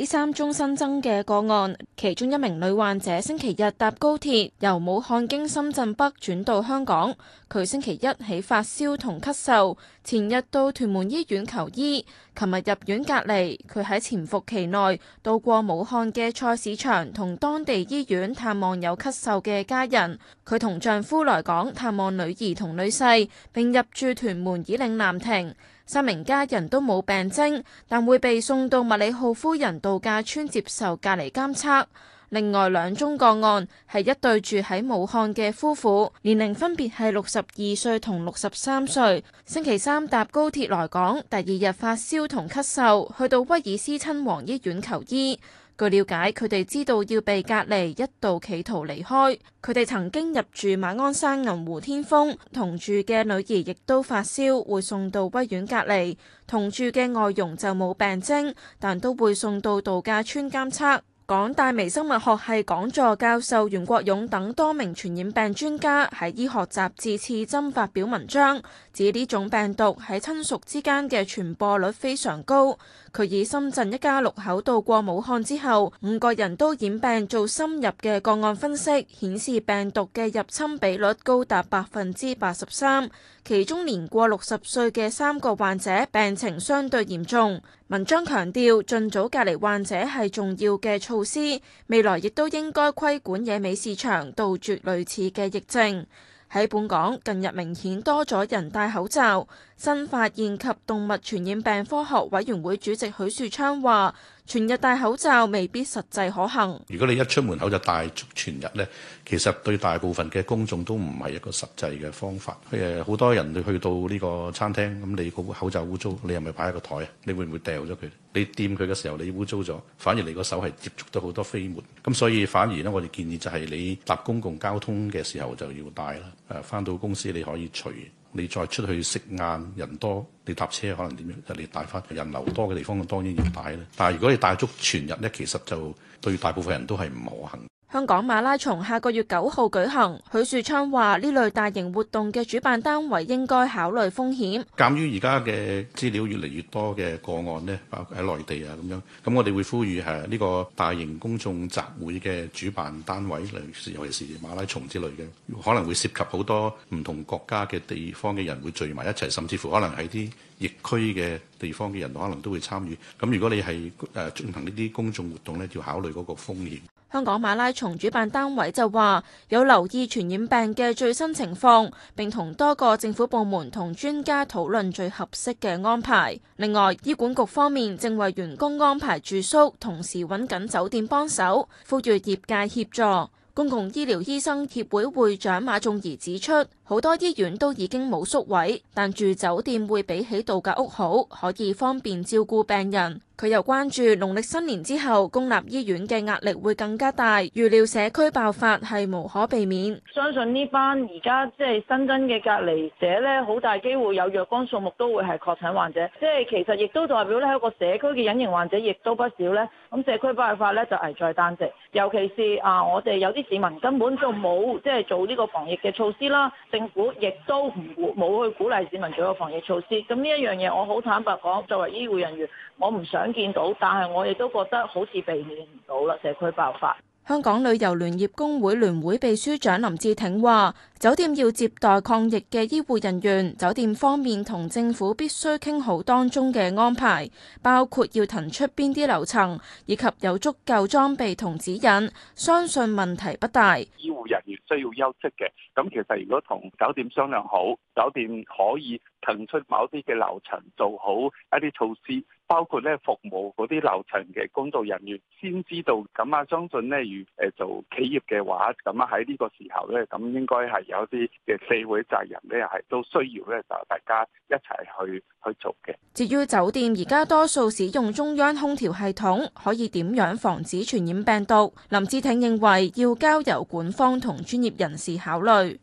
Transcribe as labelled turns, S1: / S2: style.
S1: 呢三宗新增嘅個案。其中一名女患者星期日搭高鐵由武漢經深圳北轉到香港。佢星期一起發燒同咳嗽，前日到屯門醫院求醫，琴日入院隔離，佢喺潛伏期內到過武漢嘅菜市場同當地醫院探望有咳嗽嘅家人。佢同丈夫來港探望女兒同女婿，並入住屯門倚嶺南庭。三名家人都冇病徵，但會被送到麥理浩夫人度假村接受隔離監測。另外兩宗個案係一對住喺武漢嘅夫婦，年齡分別係六十二歲同六十三歲。星期三搭高鐵來港，第二日發燒同咳嗽，去到威爾斯親王醫院求醫。據了解，佢哋知道要被隔離，一度企圖離開。佢哋曾經入住馬鞍山銀湖天峰，同住嘅女兒亦都發燒，會送到威院隔離。同住嘅外傭就冇病徵，但都會送到度假村監測。港大微生物學系講座教授袁國勇等多名傳染病專家喺醫學雜誌《刺針》發表文章，指呢種病毒喺親屬之間嘅傳播率非常高。佢以深圳一家六口到過武漢之後，五個人都染病做深入嘅個案分析，顯示病毒嘅入侵比率高達百分之八十三，其中年過六十歲嘅三個患者病情相對嚴重。文章強調，盡早隔離患者係重要嘅措施，未來亦都應該規管野味市場，杜絕類似嘅疫症。喺本港，近日明顯多咗人戴口罩。新發現及動物傳染病科學委員會主席許樹昌話。全日戴口罩未必實際可行。
S2: 如果你一出門口就戴足全日咧，其實對大部分嘅公眾都唔係一個實際嘅方法。誒，好多人去去到呢個餐廳咁，你個口罩污糟，你係咪擺喺個台啊？你會唔會掉咗佢？你掂佢嘅時候，你污糟咗，反而你個手係接觸到好多飛沫。咁所以反而咧，我哋建議就係你搭公共交通嘅時候就要戴啦。誒，翻到公司你可以除。你再出去食晏，人多，你搭車可能點樣？就你帶翻去人流多嘅地方，當然要帶啦。但係如果你帶足全日咧，其實就對大部分人都係唔可行。
S1: 香港馬拉松下個月九號舉行，許樹昌話呢類大型活動嘅主辦單位應該考慮風險。
S2: 鑑於而家嘅資料越嚟越多嘅個案呢，包括喺內地啊，咁樣，咁我哋會呼籲係呢個大型公眾集會嘅主辦單位嚟，尤其是馬拉松之類嘅，可能會涉及好多唔同國家嘅地方嘅人會聚埋一齊，甚至乎可能係啲疫區嘅。地方嘅人可能都會參與，咁如果你係誒進行呢啲公眾活動咧，要考慮嗰個風險。
S1: 香港馬拉松主辦單位就話有留意傳染病嘅最新情況，並同多個政府部門同專家討論最合適嘅安排。另外，醫管局方面正為員工安排住宿，同時揾緊酒店幫手，呼籲業界協助。公共醫療醫生協會會長馬仲儀指出。好多醫院都已經冇宿位，但住酒店會比起度假屋好，可以方便照顧病人。佢又關注農曆新年之後公立醫院嘅壓力會更加大，預料社區爆發係無可避免。相信呢班而家即係新增嘅隔離者呢，好大機會有若干數目都會係確診患者，即係其實亦都代表呢一個社區嘅隱形患者亦都不少呢。咁社區爆發呢，就危在旦夕，尤其是啊，我哋有啲市民根本就冇即係做呢個防疫嘅措施啦。政府亦都唔冇去鼓勵市民做個防疫措施，咁呢一樣嘢我好坦白講，作為醫護人員，我唔想見到，但係我亦都覺得好似避免唔到啦，社區爆發。香港旅遊聯業工會聯會秘書長林志挺話。酒店要接待抗疫嘅醫護人員，酒店方面同政府必須傾好當中嘅安排，包括要騰出邊啲樓層，以及有足夠裝備同指引。相信問題不大。
S2: 醫護人員需要休息嘅，咁其實如果同酒店商量好，酒店可以騰出某啲嘅樓層，做好一啲措施，包括咧服務嗰啲樓層嘅工作人員先知道。咁啊，相信咧，如誒做企業嘅話，咁啊喺呢個時候咧，咁應該係。有啲嘅社會責任咧，係都需要咧，就大家一齊去去做嘅。
S1: 至於酒店而家多數使用中央空調系統，可以點樣防止傳染病毒？林志挺認為要交由管方同專業人士考慮。